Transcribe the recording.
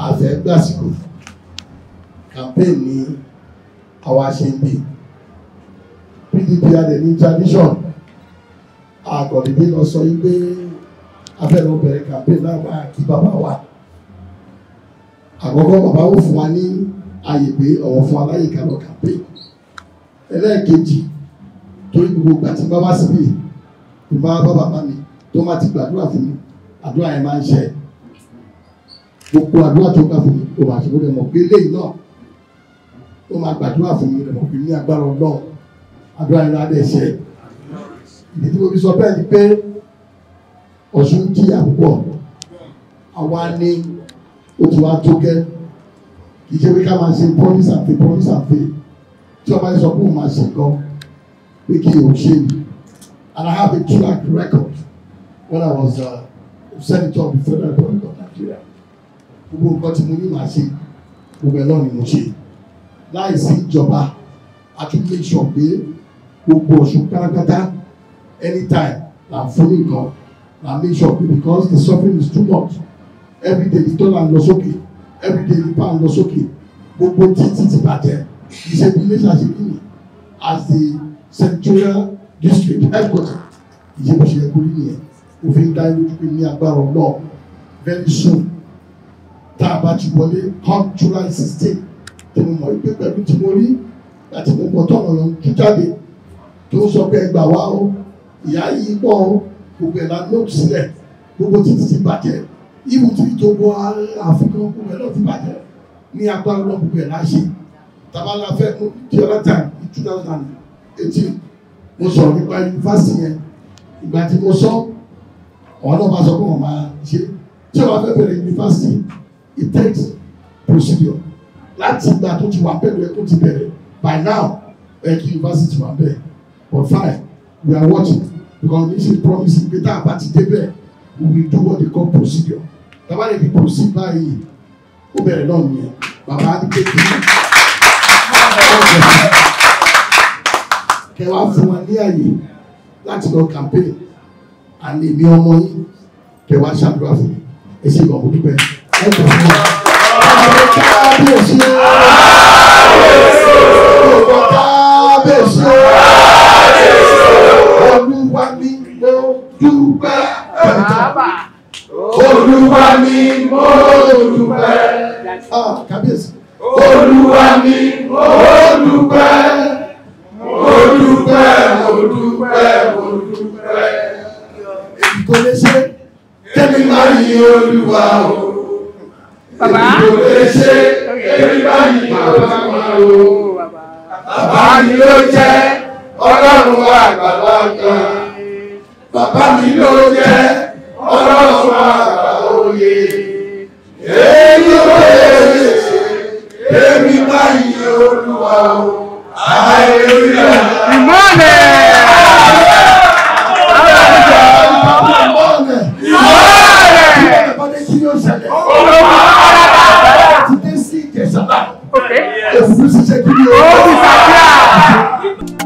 àfẹ́gbàsíkò campaign ní àwa ṣe ń bì PDP adẹ ní tradition àkọ̀dé bí lọ sọ yí pé afẹ́lọ́ bẹ̀rẹ̀ campaign náà máa kí bàbá wa àkọ́kọ́ bàbá ó fún wa ní ààyè pé ọ̀wọ̀ fún wa láyè ká lọ kàmpé ẹlẹ́ẹ̀kejì torí gbogbo ìgbà tí bàbá sì bì tó bá bá bàbá mi tó má ti gbàdúrà fún mi àdúrà yẹn máa ń ṣe gbogbo àdúrà tó gbà fún mi kò bá ṣe kó mọ̀ pé lẹ́yìn náà ó máa gbàdúrà fún mi lè mọ̀ pé ní agbára ọlọ́run àdúrà yẹn ládẹ́ ṣe ìdí tí mo fi sọ bẹ́ẹ̀ ni pé Ọ̀ṣun jìyà púpọ̀ àwa ni ó ti wá tó kì í ṣe pé ká máa ṣe promise and fail promise tí ọba yẹn sọ pé òun ṣe nǹkan pé kí òun ṣe ni and I have a track record when I was uh, senator of the Federal Republic of Nigeria gbogbo nǹkan tí mo ní màá ṣe gbogbo ẹ̀ lọ́ọ̀ ni mo ṣe láì sí ìjọba àtúntò ìṣọ̀gbé gbogbo ọ̀ṣun pátápátá anytime là ń fún ní nǹkan make sure because the suffering is too much everyday ní dọ́là ń lọ sókè everyday ní pound ń lọ sókè gbogbo títí ti bàjẹ́ ìṣe Iléṣà ṣe kí as the central district headquarter ìṣe bó ṣe yẹ kó rí nìyẹn òfin dá lójú pé ní agbára náà very soon tá a bá ti wọlé come July sixteen tí mo mọ̀ wípé pẹ̀lú tí mo rí àti mo mọ̀ tọ̀nà lọ tú jáde tó sọ pé ẹgbà wá o ìyá yìí pọ̀ o gbogbo ẹ̀ la nóòtù sílẹ̀ gbogbo títí ti bàjẹ́ ibùdó ìtòbó àfikún gbogbo ẹ̀ náà ti bàjẹ́ ní agbára náà gbogbo ẹ̀ láṣẹ tabala fẹ́ mú di other time in two thousand eighteen mo sọ̀rọ̀ nípa yunifásitì yẹn ìgbà tí mo sọ àwọn náà máa sọ pé wọ́n máa ṣe tí wọ́n fẹ́ bẹ̀rẹ̀ yunifásitì it takes procedure láti ìgbà tó ti wà pẹ̀lú ẹ̀ ti bẹ̀rẹ̀ by now ẹ̀ kí yunifásitì wà bẹ̀rẹ̀ but fine we are watching because this is promising pé tá a bá ti we will do what they call procedure bàbá rẹ̀ ti proceed báyìí ó bẹ̀rẹ̀ náà nìyẹn bàbá á ní kékeré kẹ wá fún wa ní àyè láti lọ campaign àní èmi ọmọ yín kẹ wá ṣàdúrà fún mi ẹ ṣe ìgbà òkú dúpẹ́ ẹ jọ fún wa ẹ jọ fún wa káàbíyèsí. olúwa mi mo dúpẹ́. Ah, kábíyèsí. olúwa mi mo dúpẹ́. mo dúpẹ́ mo dúpẹ́ mo dúpẹ́. èyí tó lè ṣe tẹ́mi máa yin olúwa o. bàbá èyí tó lè ṣe tẹ́mi máa yin bàbá o. bàbá mi ló jẹ́ ọlọ́run àgbàlá kan. bàbá mi ló jẹ́ ọlọ́run àgbàlá kan òye èyí ò lè ṣe èmi báyìí olúwa o àìlúyà. ìmọ̀lẹ̀. Okay. Yes. Okay. Yes. Okay. Yes. Okay. Yes. Okay.